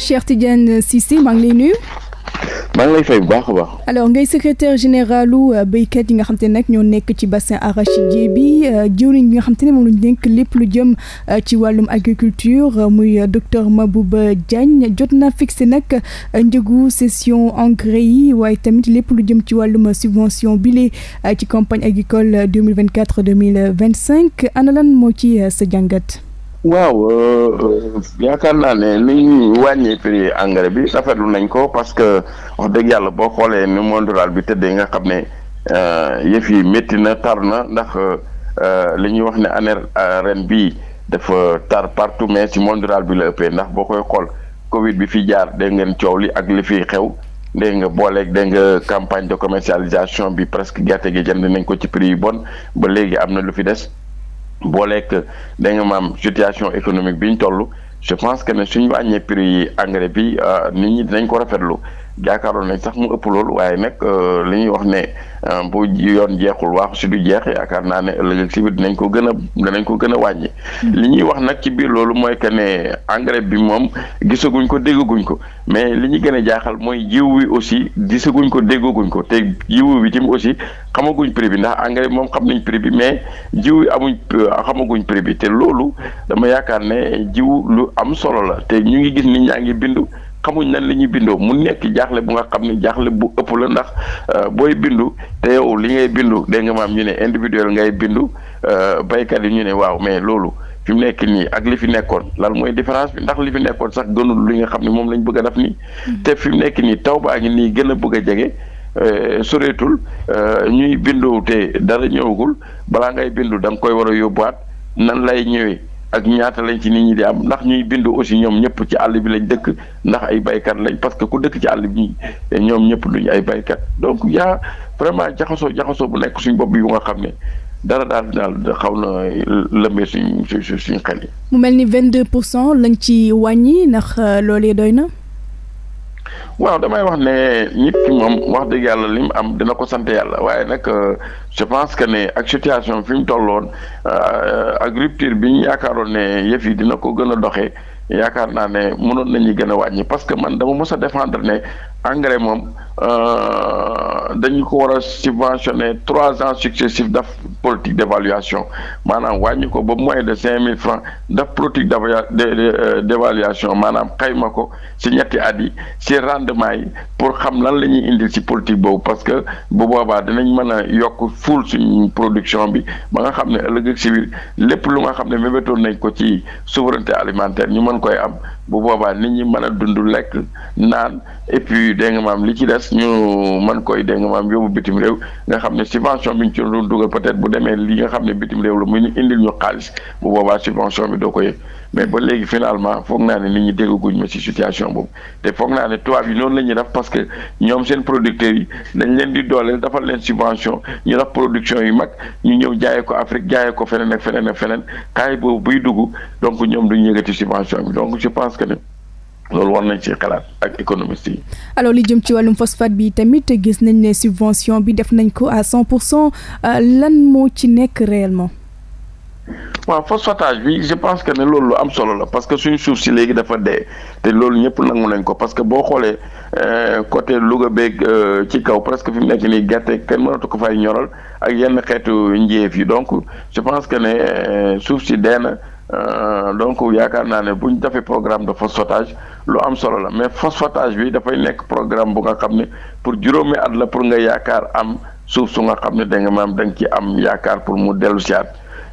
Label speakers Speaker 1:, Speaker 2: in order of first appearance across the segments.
Speaker 1: Cheikh Tidiane Cissé maa ngi lay nuyu.
Speaker 2: maa ngi lay fay bu baax a baax.
Speaker 1: alors ngay secrétaire généralu euh, béykat yi nga xam te nag ñoo nekk ci bassin arachidier bi euh, jëwriñ bi nga xam te ne moom lañu lépp lu jëm euh, ci wàllum agriculture muy docteur Mabouba Diagne jot na fixé nag njëgu cession engrais yi waaye tamit lépp lu jëm ci wàllum subvention bile ci campagne agricole 2024 2025 ana lan moo ci sa jàngat.
Speaker 2: waaw euh, euh, yaakaar naa ne ni ñuy wàññi prix engrais bi rafetlu nañ ko parce que wax dëgg yàlla boo xoolee ni monde rural bi tëddee nga xam ne euh, yëf yi métti na tar na ndax li ñuy wax ne année ren bi dafa tar partout mais ci monde rural bi la ëppee ndax boo koy xool Covid bi fi jaar dégg ngeen coow li ak li fi xew dégg nga booleeg dégg nga campagne de commercialisation bi presque gerte gi jënd nañ ko ci prix yi bon ba léegi am na lu fi des. booleek da nga maam situation économique bi ñu toll je pense que ne suñu wàññee prix yi engrais bi euh, nit ñi dinañ ko rafetlu jaakaaroon nañ sax mu ëpp loolu waaye nag euh, li ñuy wax ne euh, bu yoon jeexul waaxu si du jeex yaakaar naa ne ëllëg si biir dinañ ko gën a dinañ ko gën a wàññi. Hmm. li ñuy wax nag ci biir loolu mooy que ne engrais bi moom gisaguñ ko déggaguñ ko mais li ñu gën a jaaxal mooy jiw wi aussi gisaguñ ko déggaguñ ko te jiw bi tim aussi xamaguñ prix bi ndax engrais bi moom xam nañ prix bi mais jiw wi amuñ euh, xamaguñ prix bi te loolu dama yaakaar ne jiw lu am solo la te ñu ngi gis nit ñaa ngi bindu. xamuñ nan li ñuy bindoo mu nekk jaaxle bu nga xam ne jaaxle bu ëpp la ndax euh, booy bindu te yow li ngay bindu dégg nga maam ñu ne individuel ngay bindu euh, baykat yi ñu ne waaw mais loolu fi mu nekk nii ak li fi nekkoon lan mooy différence bi ndax li fi nekkoon sax gënul li nga xam ne moom lañ bëgg a def nii. Mm-hmm. te fi mu nekk nii taw baa ngi nii gën a bëgg a jege. Euh, soreetul ñuy bindu te dara ñëwagul balaa ngay bindu da koy war a yóbbuwaat nan lay ñëwee. ak ñaata lañ ci nit ñi di am ndax ñuy bindu aussi ñoom ñëpp ci àll bi lañ dëkk ndax ay baykat lañ parce que ku dëkk ci àll bi ñoom ñëpp duñu ay baykat donc yaa vraiment jaxasoo jaxasoo bu nekk suñ bopp yu nga xam ne dara daal daal xaw na lëmbee suñ suñ suñ xel yi.
Speaker 1: mu mel ni vingt deux pour cent lañ ci wàññi ndax euh, loolee doy na.
Speaker 2: waaw damay wax ne nit ki moom wax dëgg yàlla li mu am dina ko sant yàlla waaye nag euh, je pense que ne ak fi mu tolloon euh, ak rupture bi ñu yaakaaroon ne yëf yi dina ko gën a doxee yaakaar naa ne mënoon nañu gën a wàññi parce que man dama mës a défendre ne engrais moom euh, dañu ko war a subventionné trois ans successifs daf politique d'évaluation maanaam wàññi ko ba moins de cinq mille francs daf politique euh, d'évaluation maanaam xayma ko ci ñetti at yi ci rendement yi pour xam lan la ñuy indil ci politique boobu parce que bu boobaa dinañ mën a yokk fuul suñu production bi ba nga xam ne ëllëg ak lépp lu nga xam ne mébétoon nañ ko ci souveraineté alimentaire ñu mën koy am bu boobaa nit ñi mën a dund lekk naan et puis de nga maam li ci des ñu man koy dégg nga maam yóbbu bitim réew nga xam ne subvention bi ñu ci doon dugal peut-être bu demee li nga xam ne bitim réew la muy indil ñu xaalis bu boobaa subvention bi doo ko yëg mais ba léegi finalement foog naa ne nit ñi déggaguñ ma ci situation boobu te foog naa ne tubaab yi noonu la ñuy def parce que ñoom seen producteur yi dañ leen di dooleel dafa leen subvention ñu def production yi mag ñu ñëw jaayee ko Afrique jaayee ko feneen ak feneen ak feneen kaay boobu buy dugg donc ñoom duñ yëgati subvention bi donc je pense que ne loolu war nañ ci xalaat ak économiste yi.
Speaker 1: alors li jëm ci wàllum phosphate bi tamit gis nañ ne subvention bi def nañ ko à cent pour cent euh, lan moo ci nekk réellement.
Speaker 2: waaw phosphatage bi je pense que ne loolu lu am solo la parce que suñu suuf si léegi dafa dee te loolu ñëpp nangu nañ ko parce que boo xoolee euh, côté Louga beeg euh, ci kaw presque fi mu nekk nii gerte kenn mënatu ko fay ñoral ak yenn xeetu njeef yi donc je pense que ne euh, suuf si dee na donc yaakaar naa ne bu ñu defee programme de phosphatage lu am solo la mais phosphatage bi dafay nekk programme bu nga xam ne pour juróomi at la pour nga yaakaar am suuf su xam ne da nga maam da nga ci am yaakaar pour mu dellu si at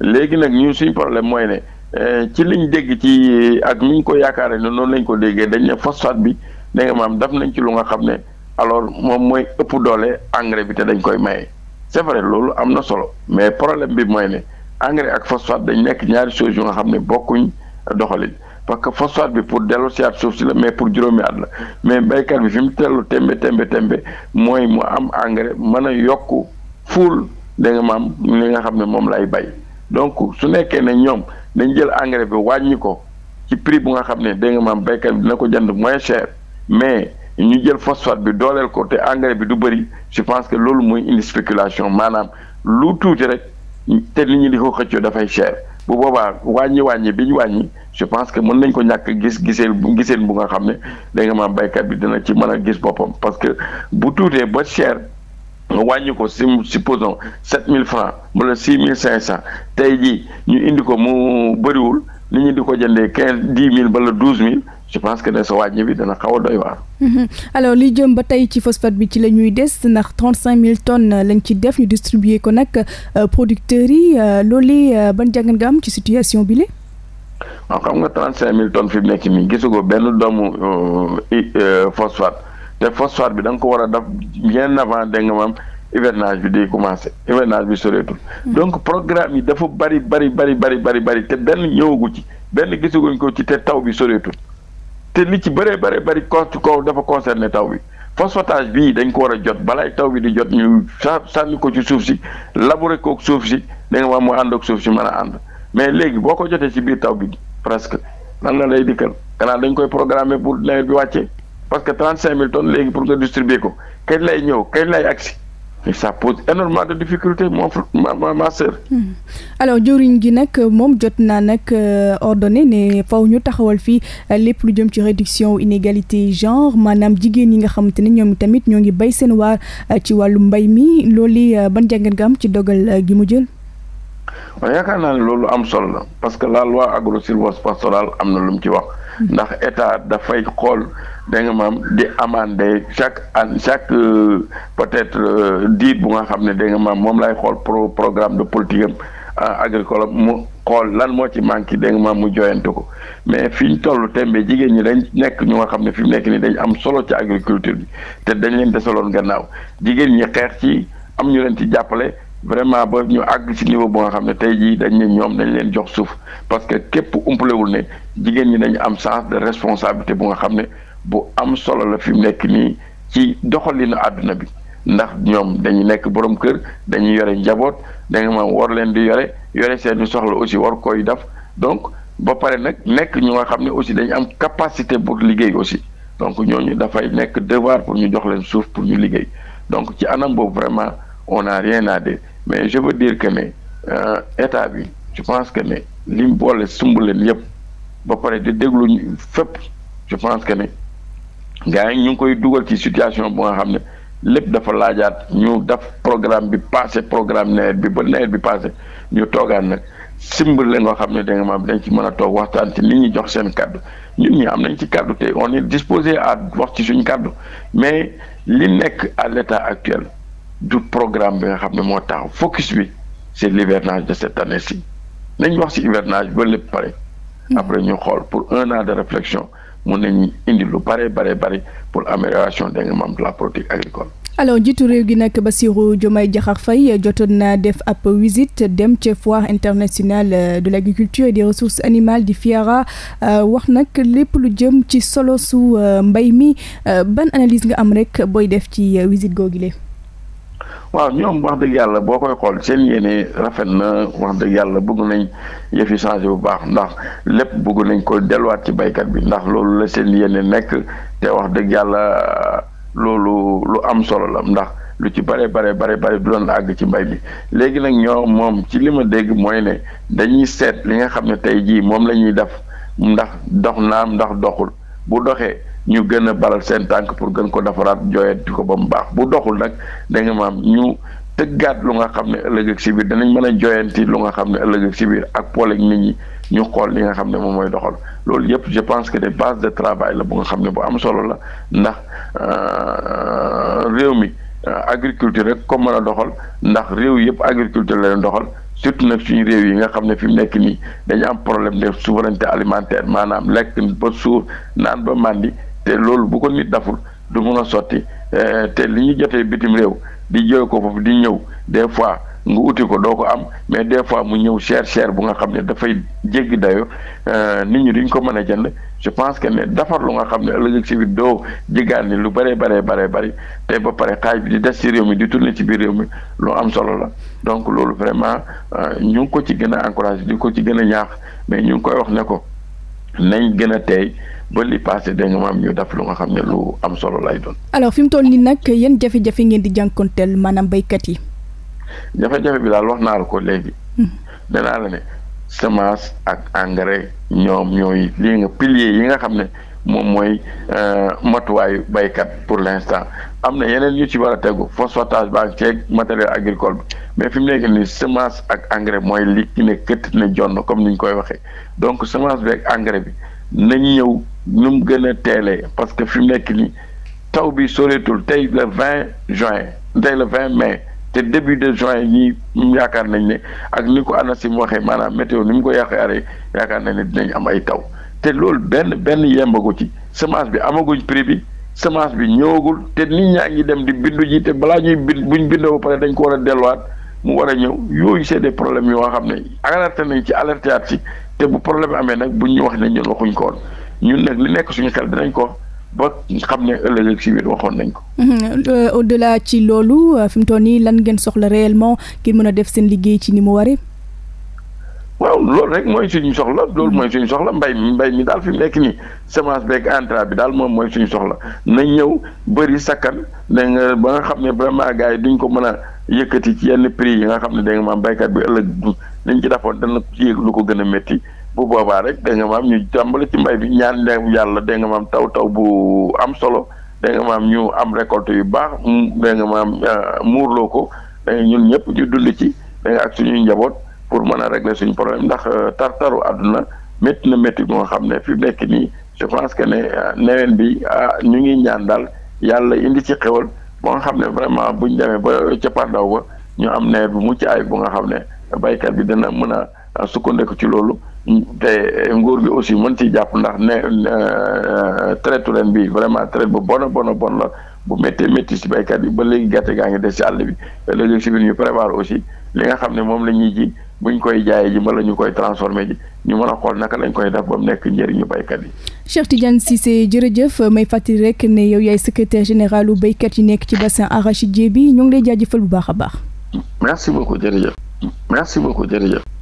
Speaker 2: léegi nag ñu suñ problème mooy ne euh, ci liñ dégg ci euh, ak ni ñu ko yaakaaree ne noonu lañ ko déggee dañ ne phosphate bi da nga maam daf nañ ci lu nga xam ne alors moom mooy ëpp doole engrais bi te dañ koy maye c'est loolu am na solo mais problème bi mooy ne engrais ak phosphate dañ nekk ñaari choses yu nga xam ne bokkuñ doxalin parce que phosphate bi pour dellu si at suuf si la mais pour juróomi at la mais béykat bi fi mu tellu tembe tembe tembe mooy mu am engrais mën a yokk fuul da maam li nga xam ne moom lay bay donc su nekkee ne ñoom dañ jël engrais bi wàññi ko ci prix bu nga xam ne dégg nga maam béykat bi dina ko jënd moins chair mais ñu jël phosphate bi dooleel ko te engrais bi du bëri je pense que loolu mooy indi spéculation maanaam lu tuuti rek te nit ñi di ko xëccoo dafay cher bu boobaa wàññi wàññi bi ñu wàññi je pense que mën nañ ko ñàkk gis giseel bu giseen bu nga xam ne da nga maam bi dina ci mën a gis boppam parce que bu tuutee ba cher wàññi ko si supposons sept mille francs wala six mille cinq cent tey jii ñu indi ko mu bëriwul nit ñu di ko jëndee quinze dix mille bala douze mille je pense que ne sa wàññi bi dana xaw a doy waar.
Speaker 1: Mhm. alors li jëm ba tey ci phosphate bi ci la ñuy des ndax trente cinq mille tonnes lañ ci def ñu distribuer ko nag euh, producteurs yi euh, loolee euh, ban jàngat nga am ci situation bi li
Speaker 2: waaw xam nga trente cinq mille tonnes fi mu nekk nii gisu ko benn doomu phosphate. te phosphate bi da nga ko war a def bien avant da nga maam hivernage bi di commencé hivernage bi soreetul hmm. donc programme yi dafa bari bari bari bari bari bari te benn ñëwagu ci benn gisaguñ ko ci te taw bi soreetul te li ci bëree bëri bari ko dafa concerné taw bi phosphatage bi dañ ko war a jot balaay taw bi di jot ñu sànni ko ci suuf si labouré ko suuf si da nga maam mu ànd ak suuf si man a ànd mais léegi boo ko jotee ci biir taw bi presque lan la lay dikkal xanaa dañ koy programmer pour nawet bi wàccee parce que trente cinq mille tonnes léegi pour nga distribuer ko kañ lay ñëw kañ lay agsi mais ça pose énormément de difficultés mon ma ma ma
Speaker 1: hmm. alors jëwriñ gi nag moom jot naa nag euh, ordonné ne faw ñu taxawal fii euh, lépp lu jëm ci réduction inégalité genre maanaam jigéen yi nga xamante ne ñoom tamit ñoo ngi bay seen waar euh, ci wàllu mbay mi loolu ban jàngat nga am ci dogal gi mu jël.
Speaker 2: waaw yaakaar naa ne loolu am solo la parce que la loi agro-sylvo-pastorale am na lu mu ci wax. ndax état dafay xool da nga maam di amandé chaque an chaque euh, peut-être euh, diit bu nga xam ne da nga maam moom lay xool pro programme de politique am euh, agricole mu xool lan moo ci manqué da nga maam mu joyante ko mais fi ñu tollu tembe jigéen ñi dañ nekk ñu nga xam ne fi mu nekk nii dañ am solo ci agriculture bi te dañ leen desaloon gannaaw jigéen ñi xeex ci am ñu leen ci jàppale vraiment ba ñu àgg ci niveau bu nga xam ne tey jii dañ ne ñoom dañ leen jox suuf parce que képp umpalewul ne jigéen ñi dañu am sens de responsabilité bu nga xam ne bu am solo la fi mu nekk nii ci doxalinu àdduna bi ndax ñoom dañu nekk borom kër dañuy yore njaboot danga ma war leen di yore yore seen seeni soxla aussi war koy def donc ba pare nag nekk ñu nga xam ne aussi dañu am capacité pour liggéey aussi donc ñooñu dafay nekk devoir pour ñu jox leen suuf pour ñu liggéey donc ci anam boobu vraiment on n'a rien à mais je veux dire que ne euh, état bi je pense que ne li mu boole sumb leen yëpp ba pare di déglu fépp je pense que ne gars yi ñu ngi koy dugal ci situation bu nga xam ne lépp dafa laajaat ñu def programme bi passé programme nawet bi ba nawet bi passé ñu toogaat nag simb leen nga xam ne danga nga dañ ci mën a toog waxtaan ci nit ñi jox seen kàddu ñu ñi am nañ ci kàddu te on est disposé à wax ci suñ kàddu mais li nekk à l'état actuel du programme bi nga xam ne moo taxaw focus bi c'est l'hivernage de cette année-ci nañ wax ci hivernage ba lépp pare hmm. après ñu xool pour un an de réflexion mun nañ indi lu bare bare bare pour amélioration des membres de la politique agricole
Speaker 1: alors njiitu réew gi nag ba Bassirou Diomaye Diakhar fay jotoon na def ab visite dem ca foire internationale euh, de l'agriculture et des ressources animales di FIARA euh, wax nag lépp lu jëm ci solo su euh, mbay mi ban analyse nga am rek booy def ci visite googu
Speaker 2: waaw ñoom wax dëgg yàlla boo koy xool seen yéene rafet na wax dëgg yàlla bëgg nañ yëfi yi changé bu baax ndax lépp bëgg nañ ko delluwaat ci baykat bi ndax loolu la seen yéene nekk te wax dëgg yàlla loolu lu am solo la ndax lu ci bare bare bare bare du doon àgg ci mbay mi léegi nag ñoo moom ci li ma dégg mooy ne dañuy seet li nga xam ne tey jii moom la ñuy def ndax dox naam ndax doxul bu doxee ñu gën a baral seen tànk pour gën ko defaraat jooyanti ko ba mu baax bu doxul nag da nga maam ñu tëggaat lu nga xam ne ëllëg ak si biir danañ mën a jooyanti lu nga xam ne ëllëg ak si biir ak pooleeg nit ñi ñu xool li nga xam ne moom mooy doxal loolu yëpp je pense que des bases de travail la bu nga xam ne bu am solo la ndax euh, réew mi euh, agriculture rek ko mën a doxal ndax réew yëpp agriculture la leen doxal surtout nag suñu réew yi nga xam ne fi mu nekk nii dañu am problème de souveraineté alimentaire maanaam lekk ba suur naan ba màndi te loolu bu ko nit daful du mun a sotti eh, te li ñu jotee bitim réew di jël ko foofu di ñëw des fois nga uti ko doo ko am mais des fois mu ñëw cher cher bu nga xam ne dafay jéggi dayo eh, nit ñu duñ ko mën a jënd je pense que ne defar lu nga xam ne ëllëg si biir doo jéggaan ni lu bëree baree baree bëri te ba pare xaaj bi di des ci réew mi di tourner ci biir réew mi lu am solo la donc loolu vraiment eh, ñu ngi ko ci gën a encouragé di ko ci gën a ñaax mais ñu ngi koy wax ne ko nañ gën a tey ba li passé da nga maam ñu def lu nga xam ne lu am solo lay doon.
Speaker 1: alors fi mu toll nii nag yéen jafe-jafe ngeen di jànkonteel maanaam béykat yi.
Speaker 2: jafe-jafe bi daal wax naa la ko léegi. Hmm. nee naa la ne semence ak engrais ñoom ñooy lii nga pilier yi nga xam ne moom mooy euh, matuwaayu baykat pour l'instant am na yeneen yu ci war a tegu phosphatage ba ak ceeb matériel agricole bi mais fi mu nekk nii semence ak engrais mooy li ki ne këtt ne jonn comme ni ñu koy waxee donc semence bi engrais bi nañ ñëw. nu mu gën a teelee parce que fi mu nekk nii taw bi soreetul tey le vingt juin tey le vingt mai te début de juin ñii yaakaar nañ ne ak ni ko ANACIM waxee maanaam météo ni mu ko yàqaaree yaakaar nañ ne dinañ am ay taw te loolu benn benn yembagu ci semence bi amaguñ prix bi semence bi ñëwagul te nit ñaa ngi dem di bindu te balaa ñuy bind buñ bindoo ba pare dañ ko war a delluwaat mu war a ñëw yooyu c'est des yi yoo xam ne alerté nañ ci alerté at si bu problème amee nag buñ ñu wax ne waxuñ ko ñun nag li nekk suñu xel dinañ ko ba xam ne ëllëg si biir waxoon nañ ko.
Speaker 1: Mhm. au delà ci loolu euh, fi mu nii lan ngeen soxla réellement ngir mën a def seen liggéey ci ni mu waree.
Speaker 2: waaw loolu rek mooy suñu soxla loolu mhm. mooy suñu soxla mbay mi mbay mi daal fi mu nekk nii semence beeg intrant bi daal moom mooy suñu soxla na ñëw bëri sakkan da nga ba nga xam ne vraiment gars yi duñ ko mën a yëkkati ci yenn prix yi nga xam ne da nga maam baykat bi ëllëg liñ ci defoon dana ci lu ko gën a métti. bu boobaa rek da nga maam ñu jàmbale ci mbay bi ñaan dem yàlla da nga maam taw taw bu am solo da nga maam ñu am récolte yu baax da nga maam euh, muurloo ko da nga ñun ñëpp ñu dund ci da ak suñuy njaboot pour mën a régler suñu problème ndax euh, tartaru àdduna métti na métti bu nga xam ne fi mu nekk nii je pense que ne euh, neween bi ñu ngi ñaan daal yàlla indi ci xewal ba nga xam ne vraiment buñ demee ba ca pandaw ba ñu am nawet bu mucc ay bu nga xam ne baykat bi dana mën a sukkandiku ci loolu te nguur bi aussi mën ci jàpp ndax ne euh, traite ren bi vraiment traite bu bon bon bon la bu méttee métti si baykat bi ba léegi gerte gaa ngi des si àll bi léegi si biir ñu prévoir aussi li nga xam ne moom la ñuy ji buñ koy jaayee ji mbala ñu koy transformé ji ñu mën a xool naka lañ koy def ba mu nekk njëriñu baykat yi.
Speaker 1: Cheikh Tidiane Cissé jërëjëf may fàttali rek ne yow yaay secretaire général u baykat yi nekk ci bassin arachidier bi ñoo ngi lay jaajëfal bu baax a baax.
Speaker 2: merci beaucoup jërëjëf. merci beaucoup jërëjëf.